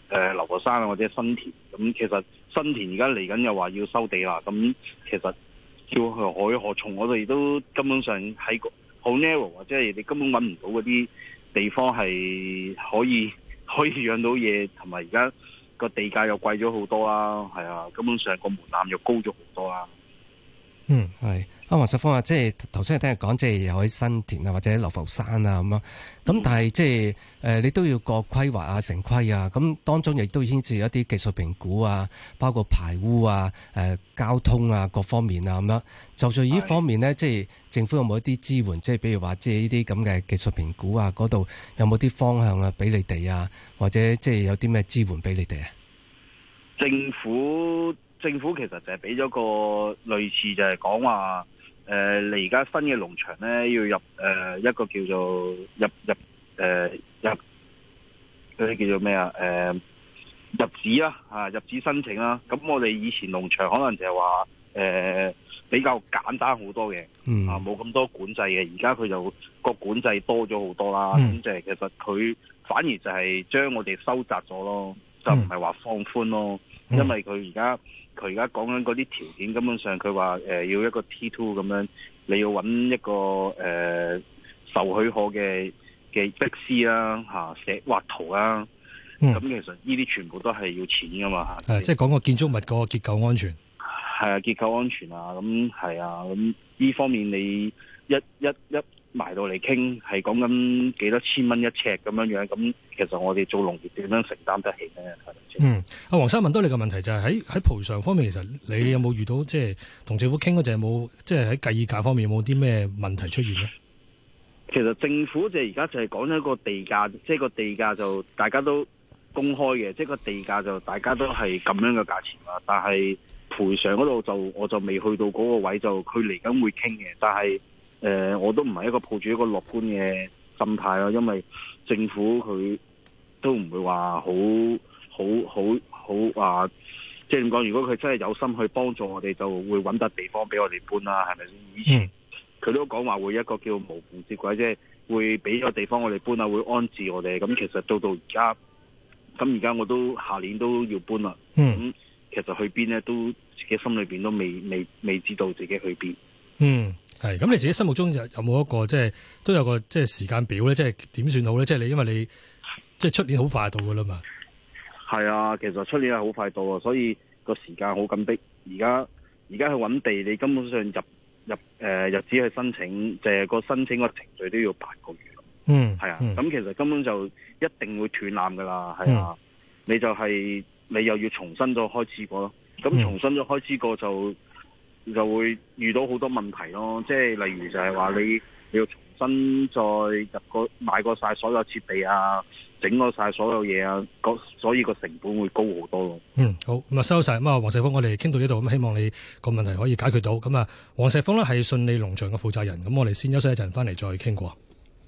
呃、流浮山啊，或者新田。咁其實新田而家嚟緊又話要收地啦。咁其實去海河從我哋都根本上喺好 narrow，或者係你根本揾唔到嗰啲地方係可以可以養到嘢，同埋而家個地價又貴咗好多啊，係啊，根本上個門檻又高咗好多啊。嗯，係。阿黃碩鋒啊，即係頭先聽你講，即係又喺新田啊，或者喺流浮山啊咁樣。咁、嗯、但係即係誒，你都要個規劃啊、城規啊，咁當中亦都牽涉一啲技術評估啊，包括排污啊、誒交通啊各方面啊咁樣。就在呢方面呢，即係政府有冇一啲支援？即係比如話，即係呢啲咁嘅技術評估啊，嗰度有冇啲方向啊俾你哋啊？或者即係有啲咩支援俾你哋啊？政府政府其實就係俾咗個類似，就係講話。誒、呃，你而家新嘅農場咧，要入誒、呃、一個叫做入入誒、呃、入啲、呃呃、叫做咩、呃、啊？誒，入紙啦吓，入紙申請啦、啊。咁我哋以前農場可能就係話誒比較簡單好多嘅，嗯、啊冇咁多管制嘅。而家佢就個管制多咗好多啦，即、嗯、係、就是、其實佢反而就係將我哋收窄咗咯，就唔係話放寬咯，因為佢而家。佢而家講緊嗰啲條件，根本上佢話、呃、要一個 T two 咁樣，你要揾一個、呃、受許可嘅嘅 design 師寫畫圖咁、啊嗯、其實呢啲全部都係要錢噶嘛，誒、啊，即係講個建築物個結構安全，係啊，結構安全啊，咁係啊，咁呢方面你一一一。一埋到嚟傾，係講緊幾多千蚊一尺咁樣樣，咁其實我哋做農業點樣承擔得起呢？嗯，阿黃生問多你個問題就係喺喺賠償方面，其實你有冇遇到即係同政府傾嗰陣，冇即係喺計價方面有冇啲咩問題出現呢？其實政府就而家就係講咗個地價，即係個地價就大家都公開嘅，即係個地價就大家都係咁樣嘅價錢啦。但係賠償嗰度就我就未去到嗰個位，就佢嚟緊會傾嘅，但係。誒、呃，我都唔係一個抱住一個樂觀嘅心態咯，因為政府佢都唔會話好好好好話，即係點講？如果佢真係有心去幫助我哋，就會搵得地方俾我哋搬啦，係咪？以前佢，嗯、都講話會一個叫無縫接軌，即係會俾個地方我哋搬啊，會安置我哋。咁其實到到而家，咁而家我都下年都要搬啦。咁，嗯、其實去邊呢，都自己心裏邊都未未未，未知道自己去邊。嗯。係咁，你自己心目中有有冇一個即係都有個即係時間表咧？即係點算好咧？即係你因為你即係出年好快到噶啦嘛。係啊，其實出年係好快到啊，所以個時間好緊迫。而家而家去搵地，你根本上入入誒、呃、日子去申請，淨係、是、個申請個程序，都要八個月。嗯，係啊。咁、嗯、其實根本就一定會斷纜噶啦。係啊、嗯，你就係、是、你又要重新再開始過咯。咁重新再開始過就。嗯就就會遇到好多問題咯，即係例如就係話你你要重新再入個買過晒所有設備啊，整過晒所有嘢啊，所以個成本會高好多咯。嗯，好，咁啊收晒，咁啊黃碩鋒，我哋傾到呢度，咁希望你個問題可以解決到，咁啊黃碩鋒咧係順利農場嘅負責人，咁我哋先休息一陣，翻嚟再傾過。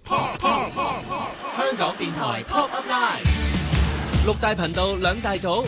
Pop, pop, pop, pop, pop, 香港電台 Pop Up Live，六大頻道兩大組。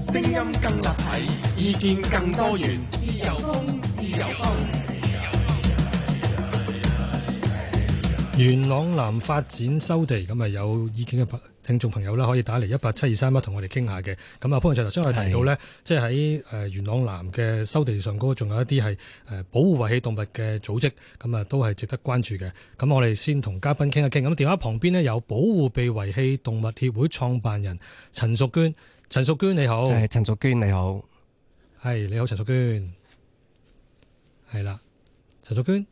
聲音更立體，意見更多元，自由風，自由風，自由風。元朗南發展收地，咁啊有意見嘅朋聽眾朋友啦，可以打嚟一八七二三一，同我哋傾下嘅。咁啊，潘文卓頭先我哋提到呢，即係喺誒元朗南嘅收地上高，仲有一啲係誒保護遺棄動物嘅組織，咁啊都係值得關注嘅。咁我哋先同嘉賓傾一傾。咁電話旁邊呢，有保護被遺棄動物協會創辦人陳淑娟。陳淑娟你好。係。陳淑娟你好。係。你好陳淑娟。係啦。陳淑娟，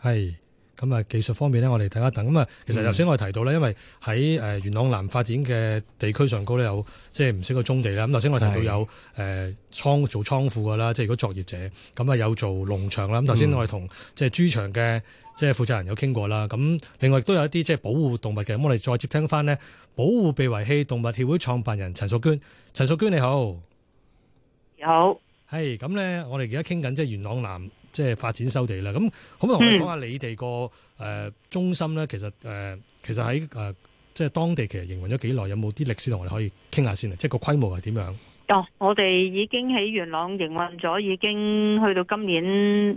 係。咁啊，技術方面咧，我哋等一等。咁啊，其實頭先我哋提到咧、嗯，因為喺誒元朗南發展嘅地區上高咧，就是、有即係唔少嘅棕地啦。咁頭先我哋提到有誒做倉庫㗎啦，即係如果作業者咁啊，有做農場啦。咁頭先我哋同即係豬場嘅即係負責人有傾過啦。咁、嗯、另外亦都有一啲即係保護動物嘅。咁我哋再接聽翻呢，保護被遺棄動物協會創辦人陳淑娟，陳淑娟你好。你好。係咁咧，hey，我哋而家傾緊即係元朗南。即係發展收地啦，咁好唔好同我哋講下你哋個誒中心咧？其實誒其實喺誒即係當地其實營運咗幾耐，有冇啲歷史同我哋可以傾下先啊？即係個規模係點樣？哦，我哋已經喺元朗營運咗，已經去到今年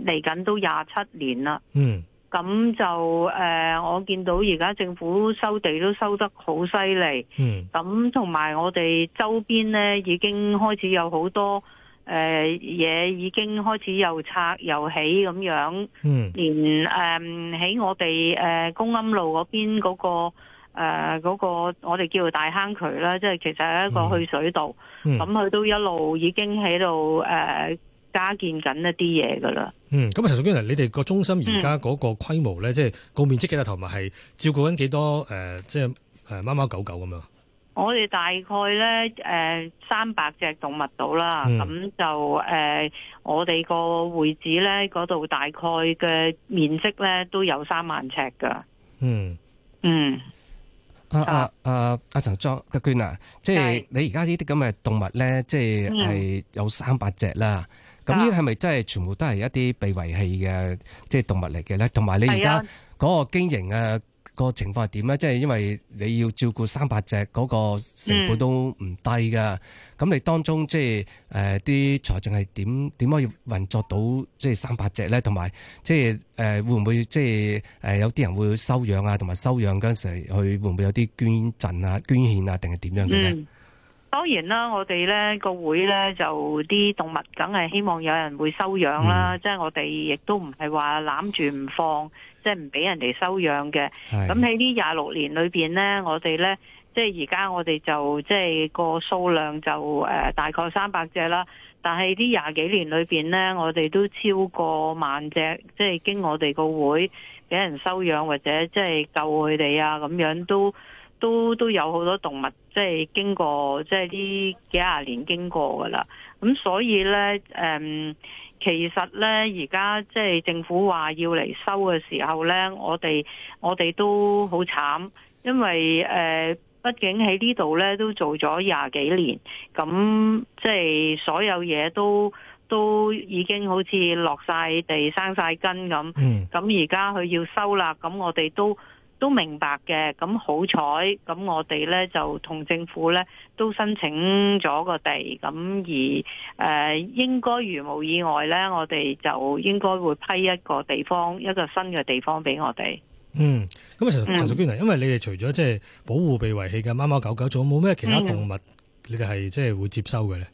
嚟緊都廿七年啦。嗯，咁就誒我見到而家政府收地都收得好犀利。嗯，咁同埋我哋周邊咧已經開始有好多。誒嘢，已經開始又拆又起咁樣，嗯，連誒喺我哋誒公庵路嗰邊嗰個誒嗰個我哋叫做大坑渠啦，即係其實係一個去水道，咁佢都一路已經喺度誒加建緊一啲嘢噶啦。嗯，咁啊陳淑娟，你哋個中心而家嗰個規模咧，即係個面積幾大，同埋係照顧緊幾多誒，即係誒貓貓狗狗咁樣。我哋大概咧，誒、呃，三百隻動物到啦，咁、嗯、就誒、呃，我哋個會址咧，嗰度大概嘅面積咧，都有三萬尺噶。嗯嗯。阿阿阿阿陳淑娟啊，即係你而家呢啲咁嘅動物咧，即係係有三百隻啦。咁呢啲係咪真係全部都係一啲被遺棄嘅即係動物嚟嘅咧？同埋你而家嗰個經營啊。個情況係點咧？即係因為你要照顧三百隻，嗰、嗰個成本都唔低噶。咁、嗯、你當中即係誒啲財政係點點可以運作到即係三百隻咧？同埋即係誒、呃、會唔會即係誒、呃、有啲人會去收養啊？同埋收養嗰陣時候，去會唔會有啲捐贈啊、捐獻啊，定係點樣嘅咧？嗯。當然啦，我哋咧個會咧、嗯、就啲動物，梗係希望有人會收養啦、嗯。即係我哋亦都唔係話攬住唔放，即係唔俾人哋收養嘅。咁喺呢廿六年裏面咧，我哋咧即係而家我哋就即係個數量就、呃、大概三百隻啦。但係啲廿幾年裏面咧，我哋都超過萬隻，即係經我哋個會俾人收養或者即係救佢哋啊咁樣都。都都有好多動物，即係經過，即係呢幾廿年經過㗎喇。咁所以呢、嗯，其實呢，而家即係政府話要嚟收嘅時候呢，我哋我哋都好慘，因為誒、呃，畢竟喺呢度呢都做咗廿幾年，咁即係所有嘢都都已經好似落晒地、生晒根咁。咁而家佢要收啦，咁我哋都。都明白嘅，咁好彩，咁我哋呢，就同政府呢，都申請咗個地，咁而誒、呃、應該如無意外呢，我哋就應該會批一個地方，一個新嘅地方俾我哋。嗯，咁啊陳陳淑娟、嗯、因為你哋除咗即係保護被遺棄嘅貓貓狗狗，仲有冇咩其他動物你哋係即係會接收嘅呢、嗯？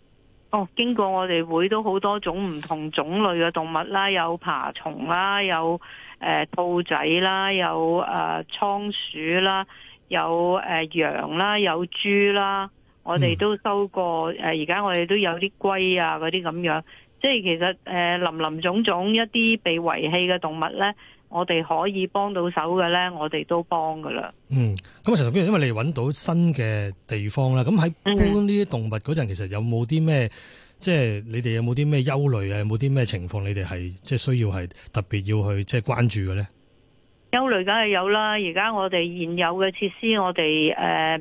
哦，經過我哋會都好多種唔同種類嘅動物啦，有爬蟲啦，有。誒，兔仔啦，有誒、呃、倉鼠啦，有誒、呃、羊啦，有豬啦，我哋都收過。誒、呃，而家我哋都有啲龜啊，嗰啲咁樣。即係其實誒、呃，林林總總一啲被遺棄嘅動物咧，我哋可以幫到手嘅咧，我哋都幫噶啦。嗯，咁啊陳同君，因為你揾到新嘅地方啦，咁喺搬呢啲動物嗰陣、嗯，其實有冇啲咩？即係你哋有冇啲咩憂慮啊？有冇啲咩情況？你哋係即係需要係特別要去即係關注嘅咧？憂慮梗係有啦。而家我哋現有嘅設施，我哋誒、呃、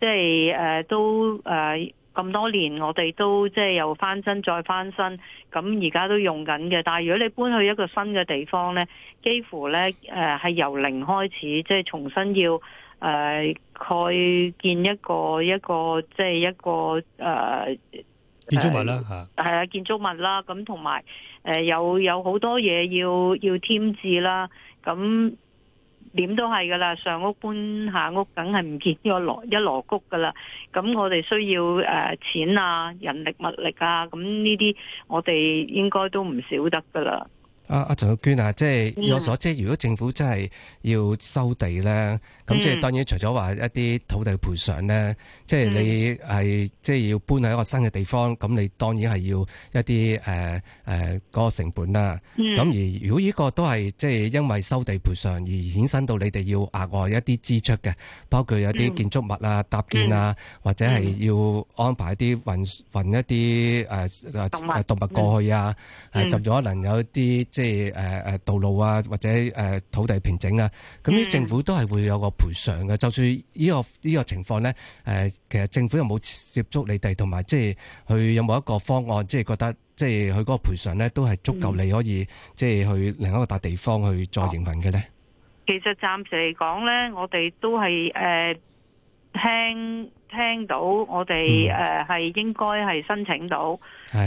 即係誒都誒咁多年，我哋都即係又翻新再翻新。咁而家都用緊嘅。但係如果你搬去一個新嘅地方咧，幾乎咧誒係由零開始，即係重新要誒蓋、呃、建一個一個即係一個誒。呃建築物啦，吓，係啊建築物啦，咁同埋誒有有好多嘢要要添置啦，咁點都係噶啦，上屋搬下屋，梗係唔見呢個羅一籮穀噶啦，咁我哋需要誒錢啊、人力物力啊，咁呢啲我哋應該都唔少得噶啦。阿阿陳淑娟啊，即係我所知，如果政府真係要收地咧，咁即係當然，除咗話一啲土地賠償咧，即係你係即係要搬去一個新嘅地方，咁你當然係要一啲誒誒個成本啦。咁、嗯、而如果呢個都係即係因為收地賠償而衍生到你哋要額外一啲支出嘅，包括有啲建築物啊、嗯、搭建啊，嗯嗯、或者係要安排一啲運運一啲誒誒動物過去啊，甚、嗯、咗、呃、可能有一啲即係誒誒道路啊，或者誒、呃、土地平整啊，咁啲政府都係會有個。賠償嘅，就算呢個呢個情況咧，誒，其實政府有冇接觸你哋，同埋即係去有冇一個方案，即係覺得即係佢嗰個賠償咧，都係足夠你可以即係去另一個大地方去再營運嘅咧？其實暫時嚟講咧，我哋都係誒聽聽到，我哋誒係應該係申請到，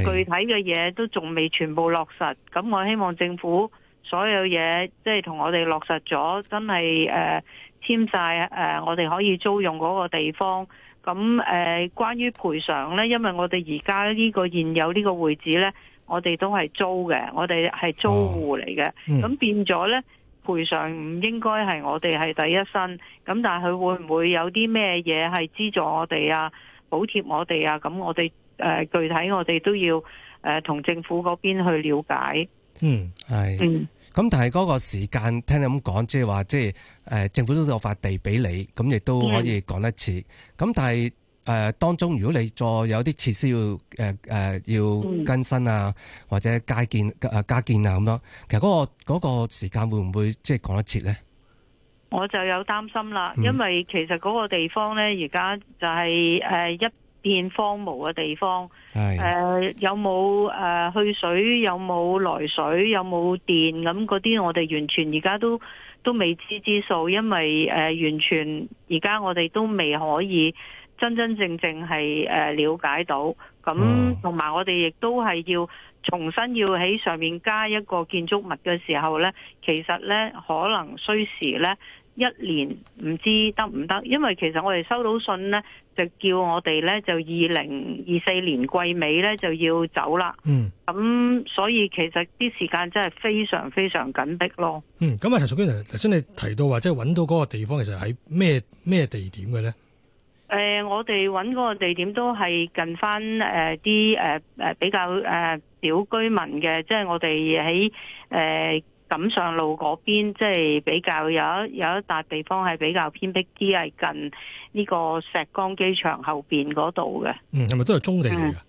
具體嘅嘢都仲未全部落實。咁我希望政府所有嘢即係同我哋落實咗，真係誒。簽晒，誒，我哋可以租用嗰個地方。咁誒、呃，關於賠償咧，因為我哋而家呢個現有呢個會址咧，我哋都係租嘅，我哋係租戶嚟嘅。咁、哦、變咗咧，賠償唔應該係我哋係第一身。咁但係佢會唔會有啲咩嘢係資助我哋啊，補貼我哋啊？咁我哋誒、呃，具體我哋都要誒，同、呃、政府嗰邊去了解。嗯，係。嗯。咁但係嗰個時間，聽你咁講，即係話即係，誒，政府都有發地俾你，咁亦都可以講得切。咁、mm. 但係，誒、呃，當中如果你再有啲設施要，誒，誒，要更新啊，mm. 或者加建，加建啊，咁樣，其實嗰、嗰個、嗰個時間會唔會即係講得切咧？我就有擔心啦，mm. 因為其實嗰個地方咧，而家就係、是，誒、呃，一。變荒蕪嘅地方，誒、呃、有冇誒、呃、去水，有冇來水，有冇電咁嗰啲，那那我哋完全而家都都未知之數，因為誒、呃、完全而家我哋都未可以真真正正係誒、呃、了解到，咁同埋我哋亦都係要重新要喺上面加一個建築物嘅時候咧，其實咧，可能需時咧。一年唔知得唔得，因為其實我哋收到信呢，就叫我哋呢，就二零二四年季尾呢就要走啦。嗯，咁所以其實啲時間真係非常非常緊迫咯。嗯，咁啊，陳淑娟頭先你提到話，即係揾到嗰個地方，其實喺咩咩地點嘅呢？誒、呃，我哋揾嗰個地點都係近翻誒啲誒誒比較誒小居民嘅，即、就、係、是、我哋喺誒。呃錦上路嗰邊，即係比較有一有一笪地方係比較偏僻啲，係近呢個石崗機場後邊嗰度嘅。嗯，係咪都係中地嚟嘅？誒、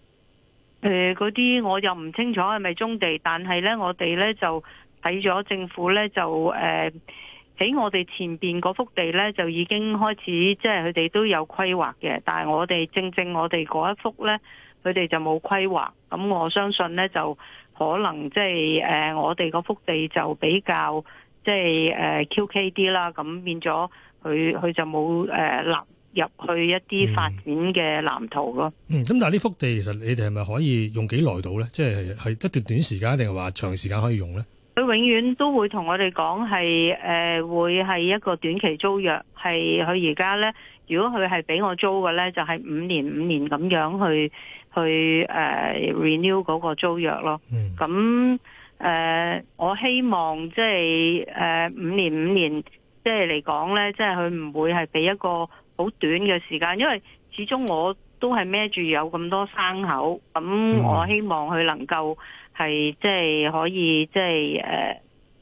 嗯、嗰、呃、啲我又唔清楚係咪中地，但係呢，我哋呢就睇咗政府呢，就誒喺、呃、我哋前邊嗰幅地呢，就已經開始，即係佢哋都有規劃嘅。但係我哋正正我哋嗰一幅呢，佢哋就冇規劃。咁我相信呢，就。可能即係誒，我哋嗰幅地就比較即係誒 QK 啲啦，咁變咗佢佢就冇誒納入去一啲發展嘅藍圖咯。嗯，咁但係呢幅地其實你哋係咪可以用幾耐到呢？即係係一段短時間定係話長時間可以用呢？佢永遠都會同我哋講係誒會係一個短期租約，係佢而家呢，如果佢係畀我租嘅呢，就係五年五年咁樣去。去、uh, renew 嗰個租約咯，咁、嗯、誒、uh, 我希望即係誒五年五年即係嚟講咧，即係佢唔會係俾一個好短嘅時間，因為始終我都係孭住有咁多生口，咁、嗯、我希望佢能夠係即係可以即係誒。即係 uh,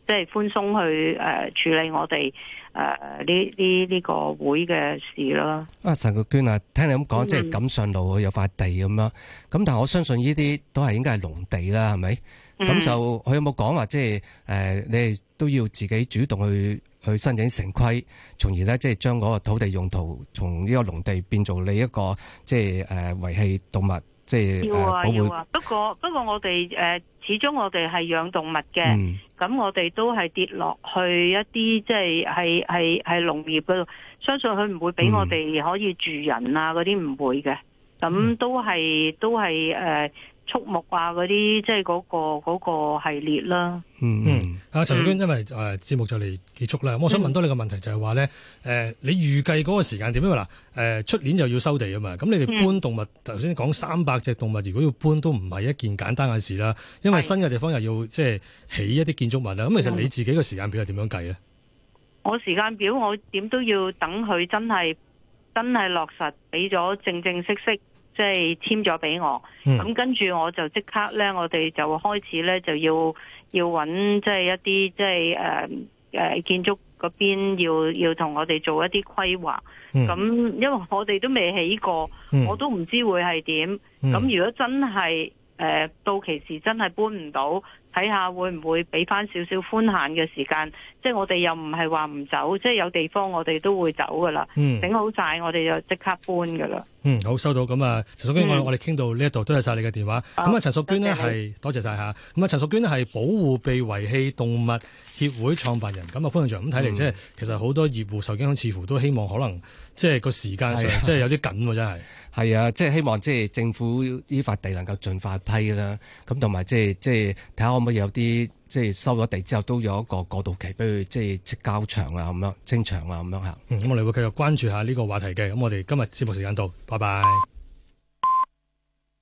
即係寬鬆去誒處理我哋誒呢呢呢個會嘅事咯。啊，陳淑娟啊，聽你咁講，即係錦上路有塊地咁樣。咁，但我相信呢啲都係應該係農地啦，係咪？咁就佢有冇講話即係誒？你都要自己主動去去申請城規，從而咧即係將嗰個土地用途從呢個農地變做你一個即係誒遺棄動物。要啊要啊！不過不過我，我哋誒始終我哋係養動物嘅，咁、嗯、我哋都係跌落去一啲即係係係係農業嗰度，相信佢唔會俾我哋可以住人啊嗰啲唔會嘅，咁都係、嗯、都係誒。呃畜牧啊，嗰啲即係嗰、那個那個系列啦。嗯嗯，陳、啊、淑娟，因為誒節、嗯啊、目就嚟結束啦，我想問多你個問題就是，就係話咧，誒、呃、你預計嗰個時間點，因為嗱誒出年又要收地啊嘛，咁你哋搬動物頭先講三百隻動物，如果要搬都唔係一件簡單嘅事啦，因為新嘅地方又要是即係起一啲建築物啦，咁其實你自己嘅時間表係點樣計咧、嗯？我時間表我點都要等佢真係真係落實俾咗正正式式。即係簽咗畀我，咁跟住我就即刻呢，我哋就開始呢，即係即係呃呃、要要揾即係一啲即係建築嗰邊要要同我哋做一啲規劃。咁因為我哋都未起過，我都唔知會係點。咁如果真係、呃、到期時真係搬唔到。睇下會唔會俾翻少少寬限嘅時間，即係我哋又唔係話唔走，即係有地方我哋都會走㗎啦。整、嗯、好晒我哋就即刻搬㗎啦。嗯，好，收到。咁啊，陳淑娟、嗯，我哋傾到呢一度，多謝晒你嘅電話。咁、哦、啊，陳淑娟呢係多謝晒下。咁啊，陳淑娟係保護被遺棄動物協會創辦人。咁啊，潘強咁睇嚟，即、嗯、係其實好多業戶受影響，似乎都希望可能即係個時間上即係、啊、有啲緊㗎、啊。係係啊，即係希望即係政府依法地能夠盡快批啦。咁同埋即係即係睇下。看看可唔可以有啲即係收咗地之後，都有一個過渡期，比如即係即交場啊，咁樣清場啊，咁樣吓。嗯，咁我哋會繼續關注一下呢個話題嘅。咁我哋今日節目時間到，拜拜。